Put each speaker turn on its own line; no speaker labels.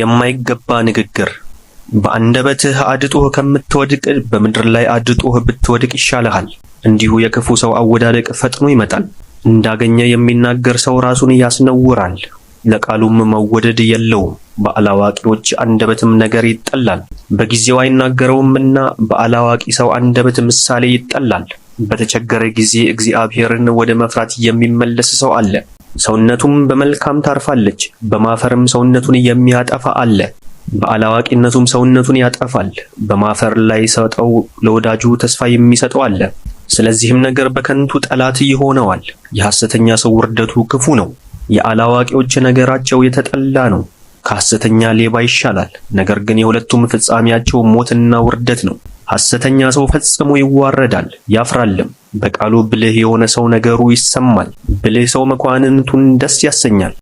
የማይገባ ንግግር በአንደበትህ አድጦህ ከምትወድቅ በምድር ላይ አድጦህ ብትወድቅ ይሻልሃል። እንዲሁ የክፉ ሰው አወዳደቅ ፈጥኖ ይመጣል። እንዳገኘ የሚናገር ሰው ራሱን ያስነውራል፣ ለቃሉም መወደድ የለውም። በአላዋቂዎች አንደበትም ነገር ይጠላል። በጊዜው አይናገረውምና በአላዋቂ ሰው አንደበት ምሳሌ ይጠላል። በተቸገረ ጊዜ እግዚአብሔርን ወደ መፍራት የሚመለስ ሰው አለ። ሰውነቱም በመልካም ታርፋለች። በማፈርም ሰውነቱን የሚያጠፋ አለ፣ በአላዋቂነቱም ሰውነቱን ያጠፋል። በማፈር ላይ ሰጠው ለወዳጁ ተስፋ የሚሰጠው አለ። ስለዚህም ነገር በከንቱ ጠላት ይሆነዋል። የሐሰተኛ ሰው ውርደቱ ክፉ ነው። የአላዋቂዎች ነገራቸው የተጠላ ነው። ከሐሰተኛ ሌባ ይሻላል። ነገር ግን የሁለቱም ፍጻሜያቸው ሞትና ውርደት ነው። ሐሰተኛ ሰው ፈጽሞ ይዋረዳል ያፍራልም። በቃሉ ብልህ የሆነ ሰው ነገሩ ይሰማል። ብልህ ሰው መኳንንቱን ደስ ያሰኛል